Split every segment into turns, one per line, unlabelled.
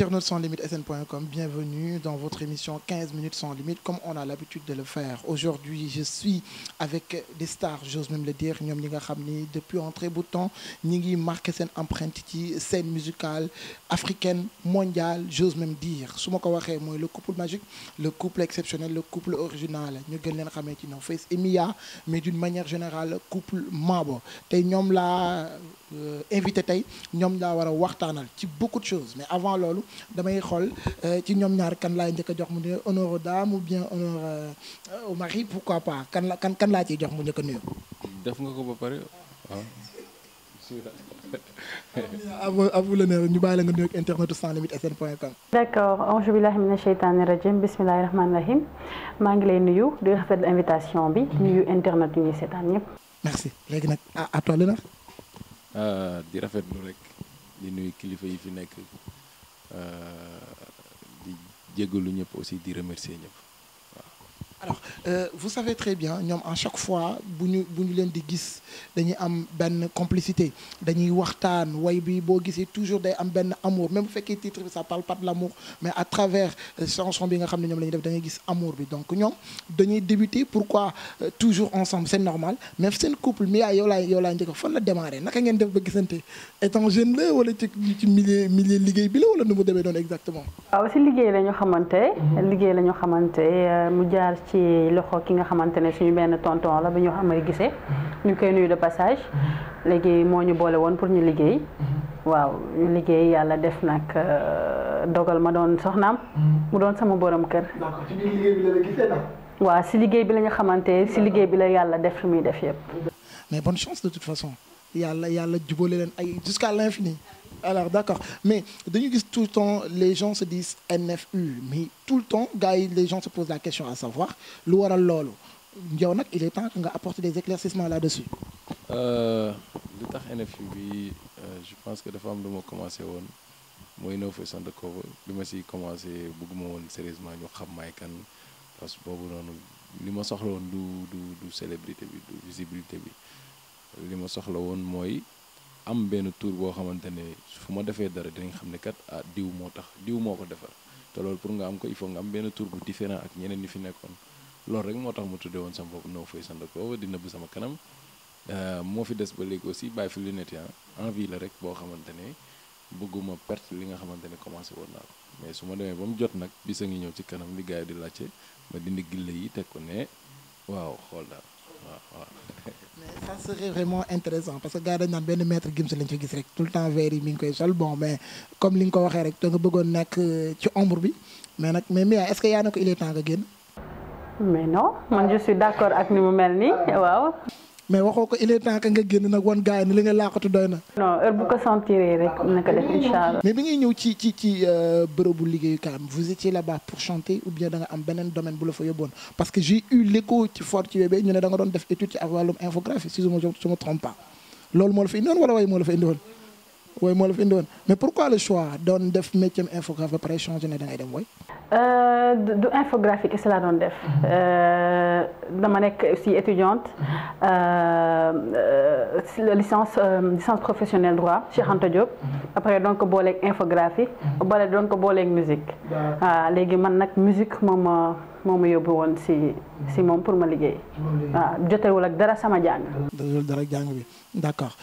Internautes sans limite sn.com, bienvenue dans votre émission 15 minutes sans limite comme on a l'habitude de le faire. Aujourd'hui, je suis avec des stars, j'ose même le dire, ñoom ñi nga xam ni depuis un très bout de temps ñi ngi marqué seen empreinte ci scène musicale africaine, mondiale, j'ose même dire. Su ma ko waxee mooy le couple magique, le couple exceptionnel, le couple original. Ñu gën leen xamee ci ñoom Face et Mia, mais d'une manière générale, couple Mabo. Tey ñoom laa euh, invité tey, ñoom laa war a waxtaanal ci beaucoup de choses. Mais avant loolu damay xool euh, ci ñoom ñaar kan laay jëkk a jox mu ne honneur aux dames bien honneur euh, au mari pourquoi pas kan la kan kan laa ciy jox mu njëkk a nuyu.
def nga ko ba pare waaw.
à vous l'honneur ñu
bàyyi la nga nuyu ak internet sans limite
maa ngi lay nuyu di rafetlu invitation bi nuyu internet yu ñuy seetaan ñëpp.
merci léegi nag à ah, à toi l'honneur. Euh, di rafetlu rek di nuyu kilifa yi fi nekk. Euh, di jéggalu ñëpp aussi di remercier ñëpp.
alors euh, vous savez très bien ñoom à chaque fois bu ñu leen di gis dañuy am benn complicité dañuy waxtaan way bi boo gisee toujours day am benn amour même bu fekkee titre bi ça parle pas de mais à travers euh, chanson bi nga xam ne ñoom la def da ngay gis amour bi donc ñoom dañuy débuter pourquoi euh, toujours ensemble c'est normal même seen couple mi yaay yow laay yow laay njëkk fan la démarré naka ngeen def ba gisante étant jeune la wala ci liggéey bi
la wala nu mu demee noonu exactement. waaw si liggéey la ñu xamante. Mhm. liggéey la ñu xamante euh, ci loxo ki nga xamante ne suñu benn tonton la bu ñu wax gisee. Mhm. ñu koy nuyu de passage. Mhm. léegi moo ñu boole woon pour ñu liggéey. Mhm. waaw ñu liggéey yàlla def nag euh, dogal ma doon soxnaam. mu doon sama boroom kër. waa si liggéey bi la nga xamante si liggéey bi la yàlla def li muy def yëpp. mais bonne chance de
toute façon yàlla yàlla jubóole leen ay jusqu'à l'infini alors d'accord mais dañu gis tout le temps les gens se disent NFU mais tout le temps gars yi les gens se posent la question à savoir lu waral loolu yow nag il est temps que nga apporter des éclaircissements là-dessus.
Euh, lu tax NFU bi euh, je pense que dafa am lu ma commencé woon mooy no fay sant ko li ma si commencé bëgguma woon sérieusement ñu xam maay kan parce que boobu noonu li ma soxla woon du du du célébrité bi du visibilité bi li ma soxla woon mooy. am benn tour boo xamante ne fu ma defee dara dinañ xam ne kat ah diw moo tax diw moo ko defar te loolu pour nga am ko il faut nga am benn tour bu différent ak ñeneen ñi fi nekkoon loolu rek moo tax ma tuddee woon sama bopp No Face Undercover di nëbb sama kanam euh, moo fi des ba léegi aussi bàyyi fi lunette yi ah, envie rek boo xamante ne bëgguma perte li nga xamante ne commencé woon naa ko mais su ma demee ba mu jot nag bisa ngi ñëw ci kanam li gars di laajte ma dindi gille yi teg ko ne waaw xool daal mais ça serait vraiment
intéressant parce que gars dañ naan benn maître Gims lañ fa gis rek tout le temps verre yi mi ngi koy sol bon mais comme li nga ko waxee rek da nga bëggoon nekk euh, ci ombre bi mais nag mais Mia est-ce que yaa na ko il est temps nga génn. mais non man je d'accord ak ni mu mel nii waaw. mais waxoo ko il est temps nga génn nag wan gars ni li nga laaxatu doy na.
non heure bu ko sentiree rek na ko def incha allah. mais
bi ngay ñëw ci ci ci euh, bërëbu liggéeyukaayam vous étiez là-bas pour chanter ou bien da nga am beneen domaine bu la fa yóbboon parce que j'ai eu l'écho ci fort ci bébé ñu ne da nga doon def étude ci ak wàllum infographie si je me je me trompe pas loolu moo la fa indi woon way moo la fa indi wooy moo la fi indi woon mais le choix doon def métier infographe ba pare changé ne da ngay dem wooy
euh, doon def mm-hmm. euh, dama nekk si étudiante mm-hmm. euh, licence licence professionnelle droit mm-hmm. Cheikh Anta Diop après doon ko booleeg infographie boole doon ko booleeg musique waaw ah, léegi man nag musique moom moo ma yóbbu woon si si moom pour ma liggéey waaw ah, jotewul ak dara sama jàng
dara jàng bi d'accord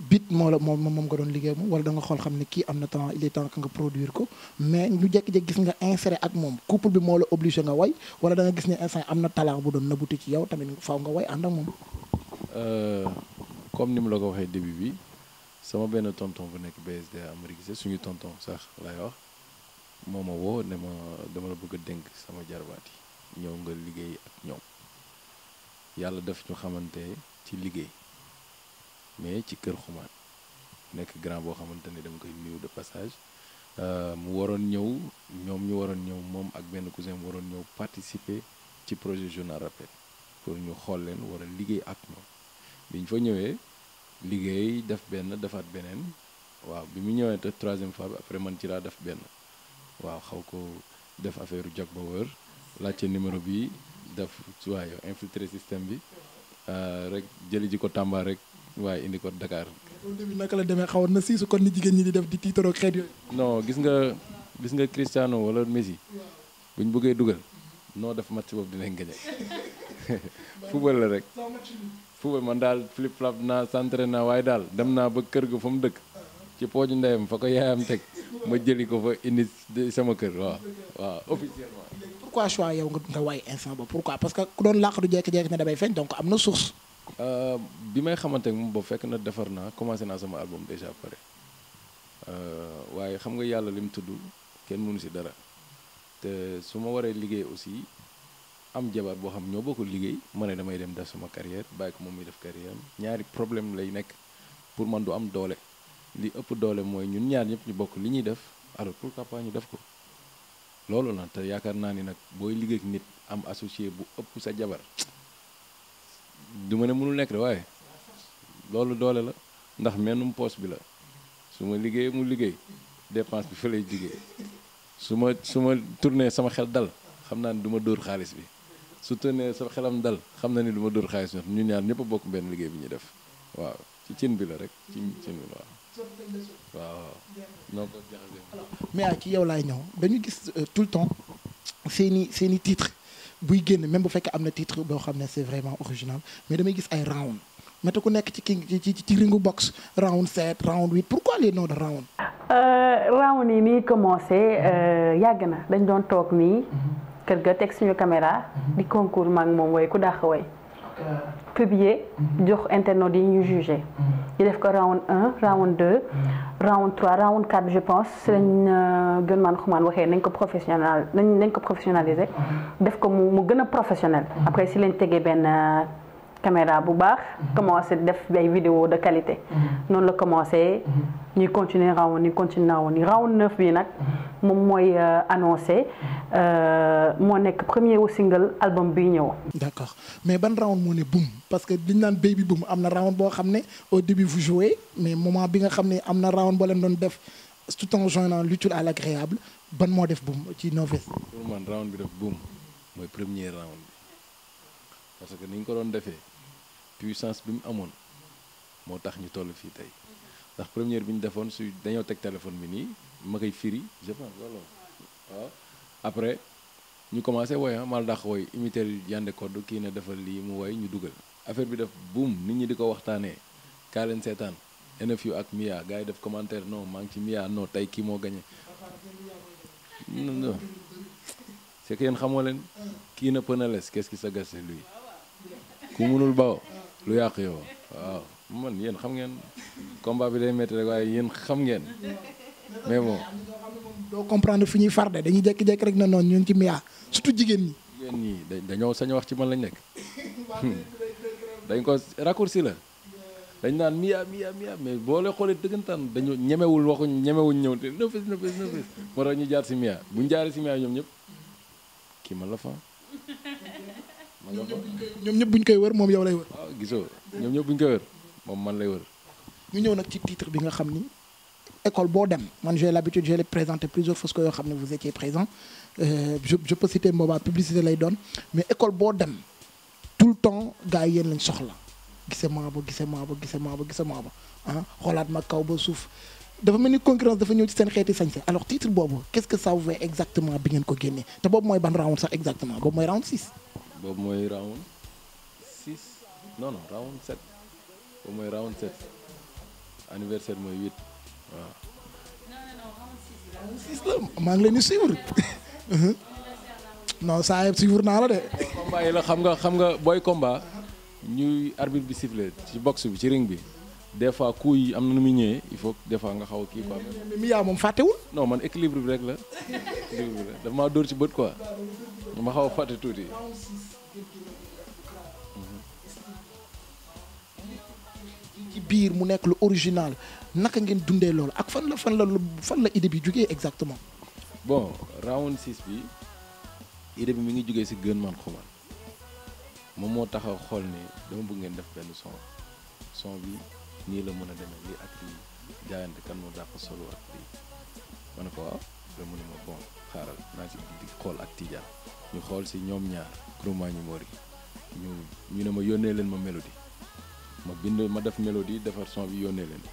bit moo la moom moom nga doon liggéey moom wala danga nga xool xam ne kii am na temps il est temps nga produire ko mais ñu jékki-jékki gis nga inséré ak moom couple bi moo la obligé nga way wala da gis ne instant am na talent bu doon nëbbuti ci yow tamit faaw nga way ànd ak moom.
Euh, comme ni mu la ko waxee début bi sama benn tonton bu nekk BSD Amérique suñu tonton sax lay wax moom ma woo ne ma dama la bëgg a dénk sama jarbaat yi ñëw nga liggéey ak ñoom yàlla def ñu xamante ci liggéey. mais ci kër xumaan nekk grand boo xamante ne dama koy nuyu de passage euh, mu waroon ñëw ñoom ñu waroon ñëw moom ak benn cousin mu waroon ñëw participer ci projet journal rappel pour ñu xool leen war liggéey ak ñoom ñu fa ñëwee liggéey def benn defaat beneen waaw bi mu ñëwee te troisième fois bi après man ci laa def benn waaw xaw ko def affaire jog ba wër laajte numéro bi def waaye infiltre système bi euh, rek jëli ji ko Tamba rek waaye indi ko Dakar.
naka la demee xawoon na siisu ko ni jigéen ñi di def di tiitaroo xeet
yooyu. non gis nga gis nga Cristiano walla Messi bu ñu bëggee dugal noo def match boobu dinañ gañe football la rek. football ma daal flip flap naa centré naa waaye daal dem naa ba kër gi fa mu dëkk ci pooju ndeyam fa ko yaayam teg ma jëli ko fa indi sama kër waaw waaw officiellement. pourquoi choix
yow nga waay instant ba pourquoi parce que ku doon làq du jékki-jékki damay feeñ donc am na source.
Euh, bi may xamante moom boobu fekk na defar naa commencé naa sama album déjà pare euh, waaye xam nga yàlla li mu tudd kenn mënu si dara te su ma waree liggéey aussi am jabar boo xam ñoo bokk liggéey ma ne damay dem def sama carrière bàyyi ko moom muy def carrière ñaari problème lay nekk pour man du am doole li ëpp doole mooy ñun ñaar ñëpp ñu bokk li ñuy def alors pourquoi pas ñu def ko loolu la te yaakaar naa ni nag booy liggéey nit am associé bu ëpp sa jabar du ma ne mënul nekk de waaye loolu doole la ndax mennum poste bi la su ma liggéey mu liggéey dépense bi fa lay liggéey su ma su ma tourné sama xel dal xam naa ni duma dóor xaalis bi su tourné sama xelam dal xam na ni du ma dóor xaalis bi ñu ñaar ñëpp a bokk benn liggéey bi ñuy def waaw ci cin bi la rek ci cin bi waaw. waaw non.
mais ci yow laay ñëw dañu gis euh, tout le temps seeni seeni titre buy génn même bu fekkee am na titre boo xam ne c'est vraiment original mais damay gis ay round mais ku nekk ci king ci ci ringu box round 7 round 8 pourquoi les noms de round.
Euh, round yi muy commencé euh, yàgg na dañ doon toog nii. Mhm. kër ga teg suñu caméra. Mhm. di concours mag moom way ku dàq way publier mhm. jox internautes yi ñu jugé. ñu def ko round round 3 round 4 je pense si lañ mhm. euh, gën maan xumaan waxee nañ ko professionnel nañ nañ ko professionnaliser mhm. def ko mu mu gën a professionnel mhm. après si lañ tegee benn euh, caméra bu baax. Mhm. commencé def ay vidéo de qualité. Mhm. noonu la commencé. Mhm. ñuy continuer rawoon ni continuer rawoon ni rawoon neuf bi nag. moom mooy euh, annoncé euh, moo nekk premier single album bi ñëw. d' accord
mais ban round moo ne parce que liñ naan baby boum na round boo xam ne au début vous jouez mais moment bi nga xam ne am na round boo leen doon def tout en joignant l'utile à l'agréable ban moo def boum ci Noves. pour
man bi def mooy premier round parce que ni ñu ko doon defee puissance bi mu amoon moo tax ñu toll fii tey ndax première bi ñu defoon su dañoo teg téléphone bi nii ma koy firi je pense loolu après ñu commencé woy ah mal dàq woy imiter Yandé Codou kii ne defal lii mu woy ñu dugal affaire bi def boum nit ñi di ko waxtaanee kaa leen seetaan NFU ak Mia gars yi def commentaire noo maa ngi ci Mia non tey kii moo gagné non c'est xamoo leen kii na penales qu'est-ce qui se gasse ku munul bawo lu yàq yow waaw man yéen xam ngeen combat bi day métti waaye yéen xam ngeen mais bon.
doo comprendre fi ñuy farde dañuy jékki-jékki rek na noonu ñun ci miyaa surtout jigéen ñi.
jigéen ñi dañoo sañ wax ci man lañ nekk hmm. dañ ko raccourci la dañ naan miyaa miyaa miyaa mais boo leen xoolee dëggantaan dañu ñemewul waxuñ ñemewuñ ñëw te nëfis moo tax ñu jaar si miyaa bu jaaree si miyaa ñoom ñëpp kii man la fa. ma la
ñoom ñëpp buñ koy wër moom yow lay wër.
gisoo ñoom ñëpp bu ñu koy wër moom man lay wër.
ñu ñëw nag ci titre bi nga xam ni école boo dem man j'ai l'habitude j'ai présenté plusieurs fois que yoo xam ne vous étiez présent euh, je je peux citer Mboba publicité lay doon mais école boo dem tout le temps gars yi yéen lañ soxla gisee maaba gise maaba gisee maaba gisee maaba ah xoolaat ma kaw ba suuf dafa mel ni concurrence dafa ñëw ci seen xeeti sañse alors titre boobu qu'est-ce que ça vous exactement bi ngeen ko génnee te boobu mooy ban round sax exactement boobu mooy round 6.
boobu mooy round. non non round 7 ba mooy round 7 anniversaire mooy 8 waaw.
maa ngi leen di suivre
non saa yëpp suivre naa la de.
combat yi la xam nga xam nga booy combat ñuy arbitre bi sifflé ci box bi ci ring bi des fois coup yi am na nu mu ñëwee il faut des fois nga xaw a kii quoi. mi yaa moom fàttewul. non man équilibre bi rek la équilibre bi rek dafa maa dóor ci bët quoi ma xaw a fàtte tuuti.
biir mu nekk lu original naka ngeen dundee loolu ak fan la fan la fan la idée bi jugee exactement.
bon round six bi idée bi mu ngi jugee si gën man xuman moom moo taxaw xool ni dama bëgg ngeen def benn son son bi nii la mën a demee li ak lii jaayante kan moo dàq solo ak lii ma ne ko waaw da mu ne ma bon xaaral naa ci xool ak Tidiane ñu xool si ñoom ñaar Kroma ñu Mori ñu ñu ne ma yónnee leen ma mélodie ma bind ma def mélodie defar son bi yónnee leen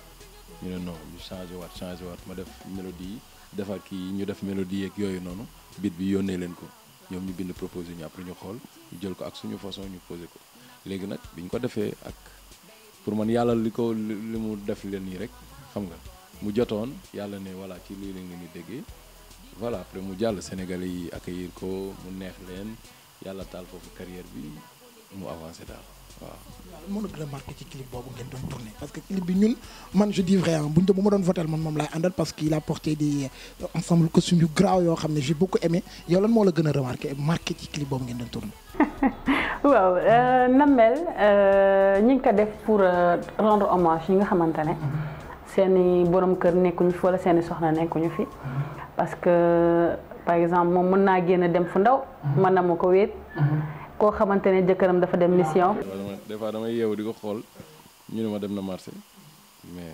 ñu ne non ñu changé waat changé waat ma def mélodie yi defar kii ñu def mélodie yeeg yooyu noonu bit bi yónnee leen ko ñoom ñu bind proposé ñu après ñu xool ñu jël ko ak suñu façon ñu posé ko léegi nag bi ñu ko defee ak pour man yàlla li ko li mu def leen nii rek xam nga mu jotoon yàlla ne voilà ci lii la ñu di déggee voilà après mu jàll Sénégalais yi accueillir ko mu neex leen yàlla taal foofu carrière bi mu avancé daal. waaw
moo la gën a marqué ci clip boobu ngeen doon tourné parce que clip bi ñun man je dis vrai bu ñu bu ma doon votel man moom laay àndal parce que il a porté euh, ensemble costume yu graw yoo xam ne j'ai beaucoup aimé yow lan moo la gën a remarqué marqué ci clip boobu ngeen doon tourné
waaw euh, Namel euh, ñi ngi ko def pour rendre hommage ñi nga xamante ne seeni borom kër nekkuñu fi wala seeni soxna nekkuñu fi parce que par exemple moom mën naa génn dem fu ndaw mën na ma ko wéet mhm. koo xamante ne jëkkëram dafa dem mission.
des fois yeewu di ko xool ñu ne ma dem na marché mais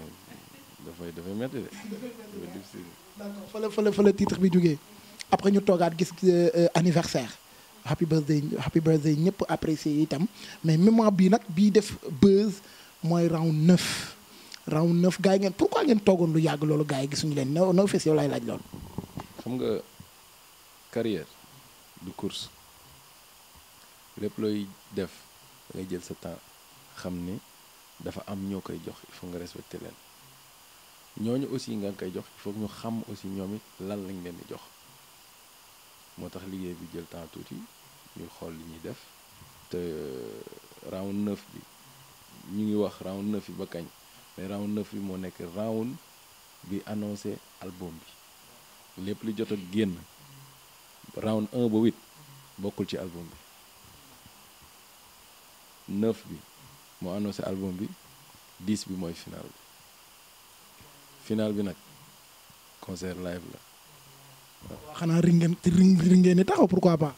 dafay dafay métti de dafay difficile.
d'accord fa fa la bi jógee après ñu toogaat gis euh, anniversaire happy birthday happy birthday ñëpp apprécié itam mais mémoire bii nag bii def buzz mooy round neuf round neuf gars yi ngeen pourquoi ngeen toogoon lu yàgg loolu gaa yi gisuñu leen no no fees
yow laay laaj loolu. xam nga carrière du course. lépp looy def da jël sa temps xam ni dafa am ñoo koy jox il faut nga respecter leen ñooñu aussi nga koy jox il faut ñu xam aussi ñoom it lan lañ leen di jox moo tax liggéey bi jël temps tuuti ñu xool li ñuy def te euh, round neuf bi ñu ngi wax round neuf bi ba kañ mais round neuf bi moo nekk round bi annoncé album bi lépp li jot a génn round un ba huit bokkul ci album bi. neuf bi moo annoncé album bi dix bi mooy final bi final bi nag concert live la. waaw xanaa ring ngeen ring
ring ngeen taxaw pourquoi pas.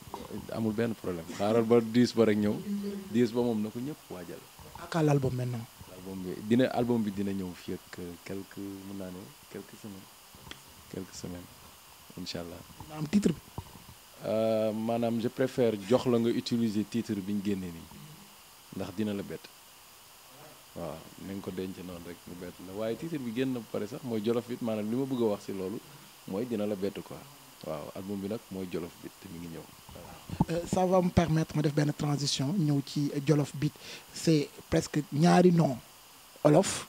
amul benn problème xaaral ba dix ba rek ñëw dix ba moom na ko ñëpp waajal. ak al album maintenant. album bi dina album bi dina ñëw fii ak euh, quelques mun naa ne quelques semaines quelques semaines incha allah. maanaam titre bi. Euh, maanaam je préfère jox la nga utiliser titre bi ñu génnee nii. ndax dina la bett waaw ni nga ko denc noonu rek mu bett la waaye titre bi génn bu pare sax mooy jolof bit maanaam li ma bëgg wax si loolu mooy dina la bett quoi waaw album bi nag mooy jolof bit te mi ngi ñëw
euh, ça va me permettre ma def benn transition ñëw ci jolof bit c'est presque ñaari nom olof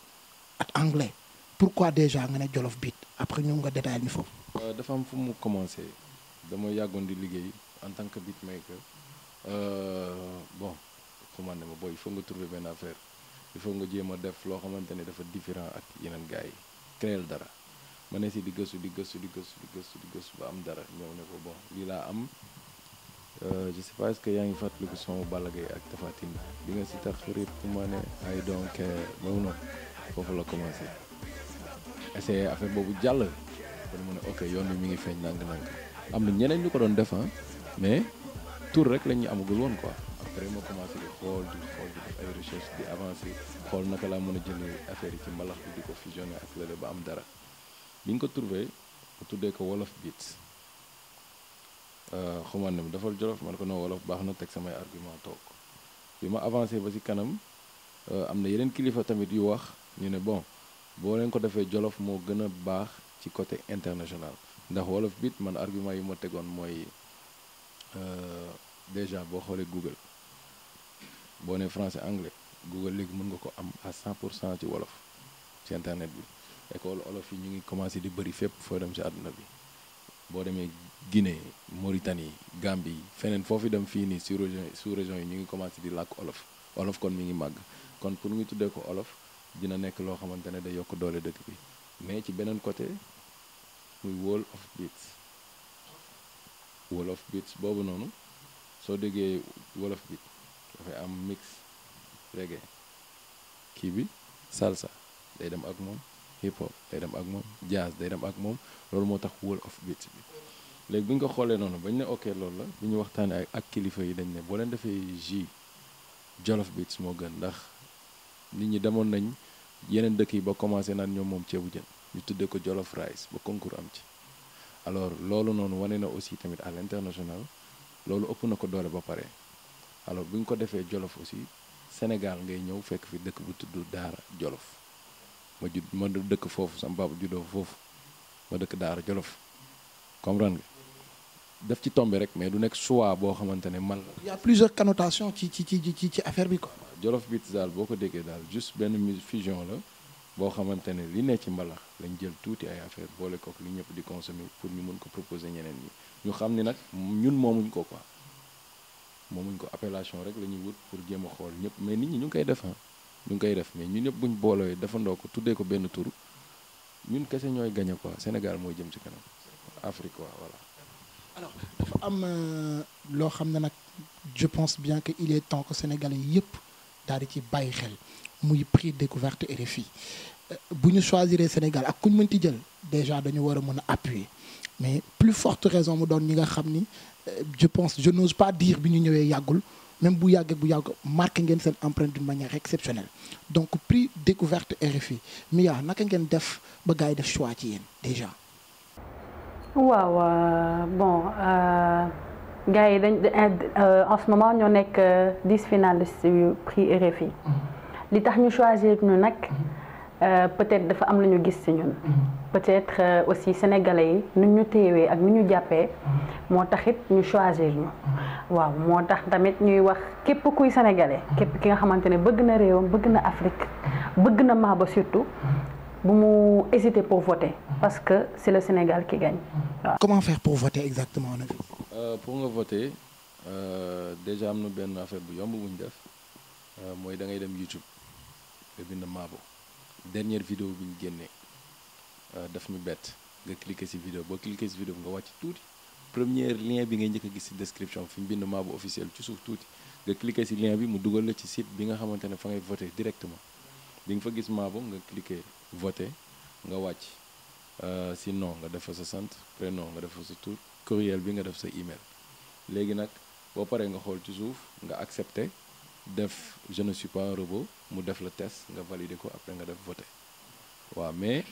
ak anglais pourquoi déjà nga ne jolof bit après ñu nga détail
ni foofu euh, dafa am fu mu commencé dama yàggoon di liggéey en tant que beatmaker euh, bon commande ma booy il faut nga trouver benn affaire il faut nga jéem a def loo xamante ne dafa différent ak yeneen gars yi créel dara ma ne si di gëstu di gëstu di gëstu gëstu gëstu ba am dara ñëw ne ko bon lii laa am euh, je sais pas est que yaa ngi fàttaliku son Balla Gaye ak Tapha bi nga si tax rip ma ne ay donc boobu noonu foofu la commencé essayé affaire boobu jàll kon mu ne ok yoon bi mu ngi feeñ ndànk-ndànk am na ñeneen ñu ko doon def ah, mais tour rek la ñuy amagul woon quoi après ma commencé di xool di xool di def ay recherche di avancé xool naka laa mën a jëlee affaire yi ci mbalax bi di ko fusionné ak lële ba am dara bi ñu ko trouvé mu tuddee ko wolof beats euh, xamoon na mu defal jolof man ko non wolof baax na teg samay argument toog bi ma avancé ba ci kanam euh, am na yeneen kilifa tamit yu wax ñu ne bon boo leen ko defee jolof moo gën a baax ci côté international ndax wolof bit man argument yi ma tegoon mooy euh, déjà boo xoolee Google boo ne français anglais Google léegi mën nga ko am à 100 pour cent ci wolof ci internet bi école olof yi ñu ngi commencé di bëri fépp foo dem ci àdduna bi boo demee Guinée Mauritanie Gambie feneen foofu dem fii nii sous région yi ñu ngi commencé di làkk olof olof kon mi ngi màgg kon pour ñu tuddee ko olof dina nekk loo xamante ne day yokk doole dëkk bi mais ci beneen côté muy Wolof of Beats Wolof Beats boobu noonu soo déggee Wolof Beats dafay am mix reggae kii bi salsa day dem ak moom hip hop day dem ak moom jazz day dem ak moom loolu moo tax world of beats bi léegi bi nga ko xoolee noonu bañ ne ok loolu la bu ñu waxtaanee ak kilifa yi dañ ne boo leen defee ji jolof beats moo gën ndax nit ñi demoon nañ yeneen dëkk yi ba commencé naan ñoom moom ceebu jën ñu tuddee ko jolof rice ba concours am ci alors loolu noonu wane na aussi tamit à l'international loolu ëpp na ko doole ba pare alors bu ko defee jolof aussi Sénégal ngay ñëw fekk fi dëkk bu tudd Daara jolof ma jud ma du dëkk foofu sama baaba juddoo foofu ma dëkk Daara jolof comprendre nga daf ci tombé rek mais du nekk choix boo xamante ne man la. y a plusieurs connotations ci ci ci ci ci affaire bi ko jolof bit daal boo ko déggee daal juste benn fusion la boo xamante ne li ne ci mbalax lañ jël tuuti ay affaire boole kook li ñëpp di consommer pour ñu mun ko proposer ñeneen ñi ñu xam ni nag ñun moomuñ ko quoi. moom moomuñ ko appellation rek la ñuy wut pour jéem a xool ñëpp mais nit ñi ñu ngi koy def ah ñu ngi koy def mais ñun ñëpp buñ boolooy defandoo ko tuddee ko benn tur ñun kese ñooy gañe quoi Sénégal mooy jëm ci kanam Afrique quoi voilà.
alors dafa am euh, loo xam ne nag je pense bien que il est temps que sénégalais yëpp dal di ci bàyyi xel muy prix découverte fii euh, bu ñu choisir Sénégal ak kuñ ñu mënti jël déjà dañu war a mën a appuyer mais plus forte raison mu doon ñi nga xam ni. je pense je n'ose pas dire bi ñu ñëwee yàggul même bu yàggee bu yàgg marqué ngeen seen empreinte d'une manière exceptionnelle donc prix découverte RFI Mia naka ngeen def ba gars yi def choix ci yéen déjà.
waaw euh, bon euh, gars yi dañ euh, en ce moment ñoo nekk euh, dix finalistes yu prix RFI. Mm-hmm. li tax ñu choisir ñu nag. Mm-hmm. Euh, peut-être dafa am lu ñu gis ci ñun. Mm-hmm. peut-être euh, aussi sénégalais yi nu ñu téyewee ak nu ñu jàppee. Mm-hmm. moo taxit ñu choisir ñu. Mm-hmm. waaw moo tax tamit ñuy wax képp kuy sénégalais. képp ki nga xamante ne bëgg na réewam bëgg na Afrique. bëgg na Maaba surtout. bu mu hésiter pour voter. parce que c'est le Sénégal qui gagne. waaw. comment faire pour voter exactement nag.
Euh, pour nga voter euh, déjà am na benn affaire bu yomb bu ñu def euh, mooy da ngay dem YouTube nga bind Maabo. dernière vidéo bi ñu génnee euh, daf mu bett nga cliquer si vidéo boo cliquer ci vidéo nga wàcc tuuti premier lien bi ngay njëkk a gis ci description fi mu bind Mabou officiel ci suuf tuuti nga cliquer ci lien bi mu dugal la ci site bi nga xamante ne fa ngay voter directement di nga fa gis Mabou nga cliquer voter nga wàcc si euh, non nga def fa sa sant non nga def fa sa tur courriel bi nga def sa email léegi nag boo paree nga xool ci suuf nga accepter def je ne suis mu def la test nga valider ko après nga def voté waaw mais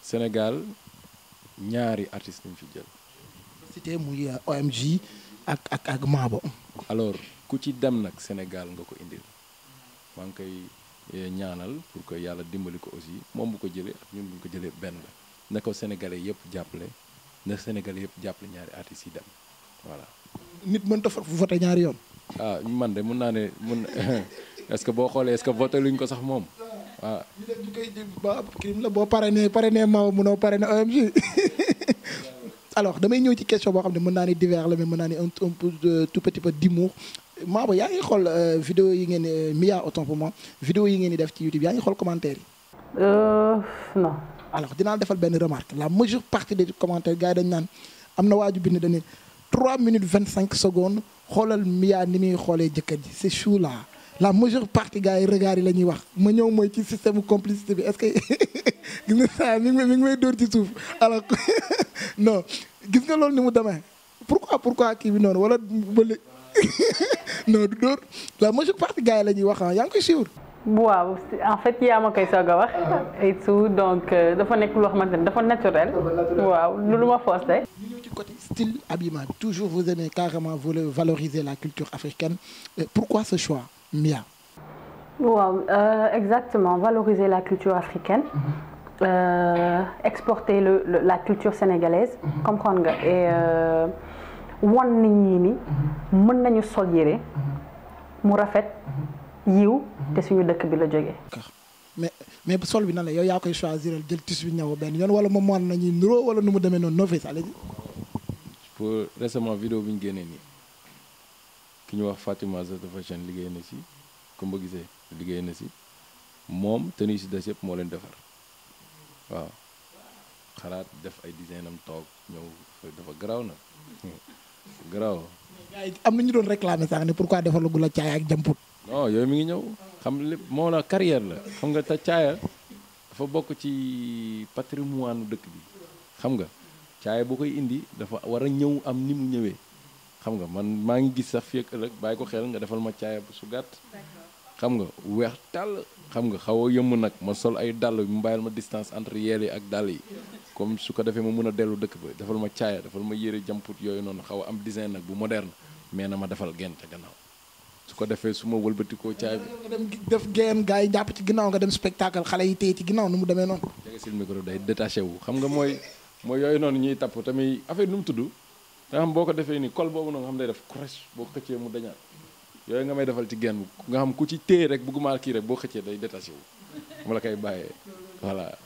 Sénégal ñaari artistes lañ fi jël. mu muy euh, OMG ak ak ak Mabo. alors ku ci dem nag Sénégal nga ko indil maa ngi koy euh, ñaanal pour ko yàlla dimbali ko aussi moom bu ko jëlee ak ñun bu ko jëlee benn la na ko sénégalais yëpp jàppale na sénégalais yëpp jàppale ñaari artistes yi dem voilà.
nit mënta voté ñaari
yoon. ah man de mun naa ne mun est-ce que boo xoolee est-ce que voté luñ ko sax moom waaw. ñu ne ñu
koy ba crime la boo parrainé parrainé ma munoo parrainé OMG. alors damay ñëw ci question boo xam ne mën naa ne divers la mais mën naa ni un un peu tout petit peu d'humour Mabo xool euh, vidéo yi ngeen di euh, Mia autant vidéo yi ngeen di def ci YouTube yaa ngi xool commentaire yi. Euh, non. dinaa defal benn remarque la majeure partie des commentaires gars yi dañ naan am na waaju bind dañu ne 3 vingt cinq secondes. xoolal Mia ni muy xoolee jëkkër ji c'est chou là la majeure partie gars yi regard yi la ñuy wax ma ñëw mooy ci système complicité bi est-ce que gis nga saa mi ngi mi ngi may dóor ci suuf alors non gis nga loolu ni mu demee pourquoi pourquoi kii bi noonu wala bële
non du dóor la majeure partie gars yi la ñuy wax ah yaa ngi koy suivre. waaw en fait yaa ma koy soog a wax. Ah. et tout donc euh, dafa nekk loo xamante ne dafa naturel. waaw lu ma forcé. côté
style habillement toujours vous aimez carrément vous valoriser la culture africaine euh, pourquoi ce choix Mia
waaw euh, exactement valoriser la culture africaine mm -hmm. Euh, la culture sénégalaise mhm. comprendre nga et euh, mhm. mën nañu sol yére mhm. mu rafet yiw te suñu dëkk bi la jógee
mais mais sol bi nan la yow yaa koy choisir jël tissu bi ñëw benn yoon wala moom moon nañuy nuroo wala nu mu demee noonu novice allez
pour récemment vidéo bi ñu génnee nii ki ñu wax Fatima Zata Fashion liggéey na si Coumba gisee liggéey na si moom tenue si des moo leen defar waaw xalaat def ay design am toog ñëw dafa garaaw na garaaw.
am na ñu doon réclamer sax ne pourquoi defalagu la caaya ak jamput.
non yooyu mi ngi ñëw xam lépp moo la carrière la xam nga te caaya dafa bokk ci patrimoine dëkk bi xam nga. caaya boo koy indi dafa war a ñëw am ni mu ñëwee xam nga man maa ngi gis sax fii ak ëllëg bàyyi ko xel nga defal ma caaya su gàtt xam nga weex tàll xam nga xaw a yëmm nag ma sol ay dàll mu bàyyil ma distance entre yeel yi ak dàll yi comme su ko defee ma mën a dellu dëkk ba defal ma caaya defal ma yére jamput yooyu noonu xaw a am design nag bu moderne mais na ma defal genn ca gannaaw su ko defee su ma wëlbatikoo caaya bi
nga dem def geen gars yi jàpp ci ginnaaw nga dem spectacle xale yi téye ci ginnaaw nu mu demee noonu
jege sil micro day détaché xam nga mooy mooy yooyu noonu ñuy tapp tamit affaire nu mu tudd da nga xam boo ko defee ni col boobu noonu nga xam day def crèche boo xëccee mu dañaat yooyu nga may defal ci genn nga xam ku ci téye rek bëgguma kii rek boo xëccee day détaché wu la koy bàyyee voilà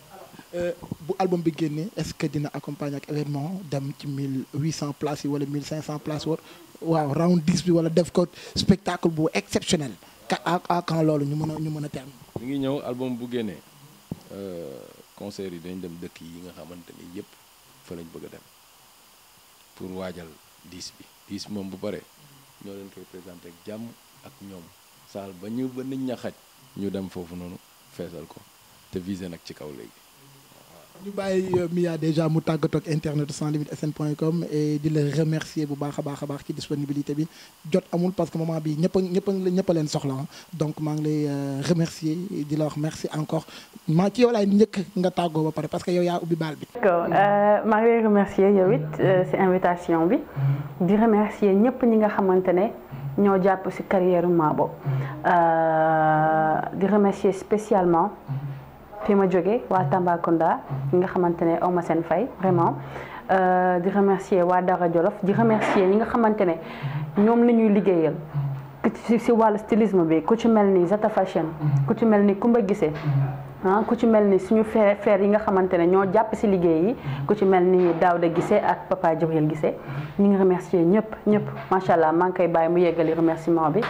euh, bu album bi génnee est-ce que dina accompagner ak événement dem ci 1800 places yi wala 1500 places war waaw round 10 bi wala def ko spectacle bu exceptionnel ka à quand loolu ñu mën ñu mën a terme
mi ngi ñëw album bu génnee euh, concert yi dañ dem dëkk yi nga xamante ni yëpp fa lañ bëgg a dem pour waajal diis bi diis moom bu pare ñoo leen koy présenté ak jàmm ak ñoom saal ba ñu bënn nit ñu dem foofu noonu feesal ko te visé nag ci kaw léegi
ñu bàyyi euh, Mia déjà mu tàggatoo internet sans limite sn.com et di la remercier bu baax a baax a baax ci disponibilité bi jot amul parce que moment bi ñëpp a ñëpp ñëpp a leen soxla donc maa lay euh, remercier di la wax merci encore maa ci yow njëkk nga tàggoo ba pare parce que yow yaa ubbi baal bi.
d'accord euh, maa ngi lay remercier yow it si invitation bi di remercier ñëpp ñi nga xamante ne ñoo jàpp si carrière Mabo di remercier spécialement. fi ma jóge waa Tambacounda mhm. ñi nga xamante ne awma seen fay vraiment euh, di remercier waa Dara Jolof di remercier ñi nga xamante ne mhm. ñoom la ñuy liggéeyal si mhm. wàllu stylisme bi ku ci mel ni Zata ku ci mel ni Kumba Gise ah ku ci mel ni suñu frère frère yi nga xamante ne ñoo jàpp si liggéey yi ku ci mel ni daaw Daouda Gise ak Papa Jabriel Gise ñu ngi remercier ñëpp ñëpp macha allah maa ngi koy bàyyi mu yeggali remerciement bi.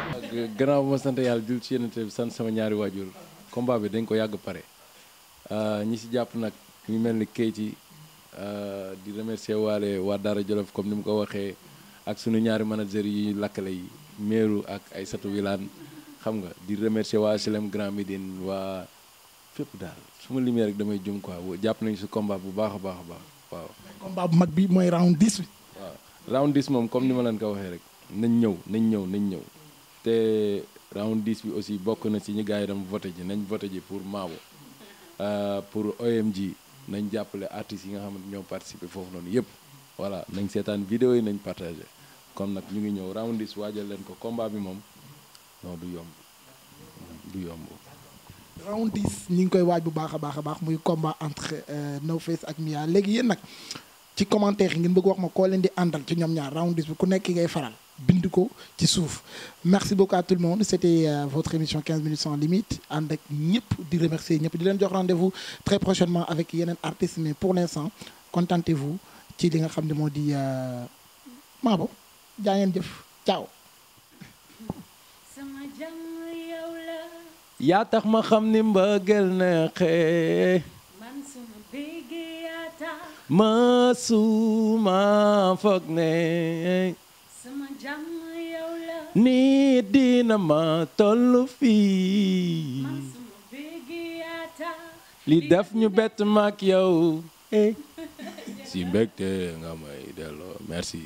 gannaaw ma sant yàlla jul ci yeneen bi sant sama ñaari waajur combat bi dañ ko yàgg pare. Euh, ñi si jàpp nag ñu mel ni Keyti euh, di remercier waale waa Daara Jolof comme ni mu ko waxee ak sunu ñaari manager yi lakkale yi meeru ak ay satu wilaan xam nga di remercier waa Silem Grand Médine waa fépp daal su ma limee rek damay jum quoi jàpp nañu si combat bu baax a baax a baax waaw.
combat bu mag bi mooy round 10 bi.
waaw round 10 moom comme ni ma leen ko waxee rek nañ ñëw nañ ñëw nañ ñëw te round 10 bi aussi bokk na ci ñu gars yi dem voté ji nañ voté ji pour Maabo. Euh, pour OMG nañ jàppale artistes yi nga xam ne ñoo participé foofu noonu yëpp voilà nañ seetaan vidéo yi nañ partagé comme nag ñu ngi ñëw roundis waajal leen ko combat bi moom non du yomb du yomb. roundis
ñi ngi koy waaj bu baax a baax a baax muy combat entre euh, No Face ak Mia léegi yéen nag ci commentaire yi ngeen bëgg wax ma koo leen di àndal ci ñoom ñaar roundis bi ku nekk ngay faral. bind ko ci suuf merci beaucoup à tout le monde c'était euh, votre émission 15 minutes sans limite ànd ak di remercier ñëpp di leen jox rendez-vous très prochainement avec yeneen artistes mais pour l'instant contentez-vous ci li nga xam ne moo di euh, Mabo jaa ngeen jëf ciao.
yaa ma xam ni mbëggeel neexee ma nit dina ma tollu fii li def ñu bett maak yow
eh. si mbégte
nga may delloo merci